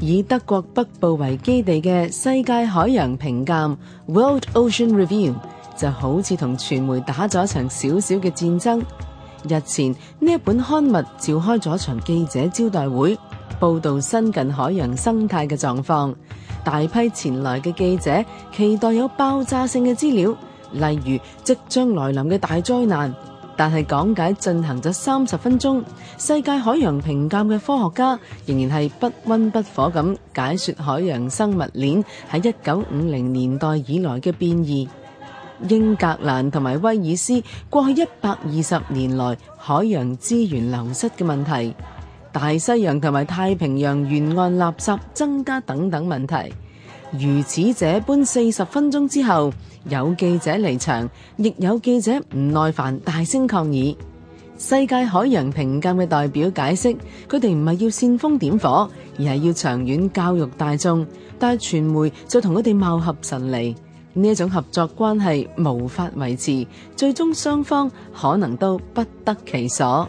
以德國北部為基地嘅世界海洋評鑑 （World Ocean Review） 就好似同傳媒打咗一場小小嘅戰爭。日前呢一本刊物召開咗場記者招待會，報道新近海洋生態嘅狀況。大批前來嘅記者期待有爆炸性嘅資料，例如即將來臨嘅大災難。但係講解進行咗三十分鐘，世界海洋評鑑嘅科學家仍然係不溫不火咁解說海洋生物鏈喺一九五零年代以來嘅變異，英格蘭同埋威爾斯過去一百二十年來海洋資源流失嘅問題，大西洋同埋太平洋沿岸垃圾增加等等問題，如此這般四十分鐘之後。有記者離場，亦有記者唔耐煩大聲抗議。世界海洋評鑑嘅代表解釋，佢哋唔係要煽風點火，而係要長遠教育大眾。但係傳媒就同佢哋貌合神離，呢一種合作關係無法維持，最終雙方可能都不得其所。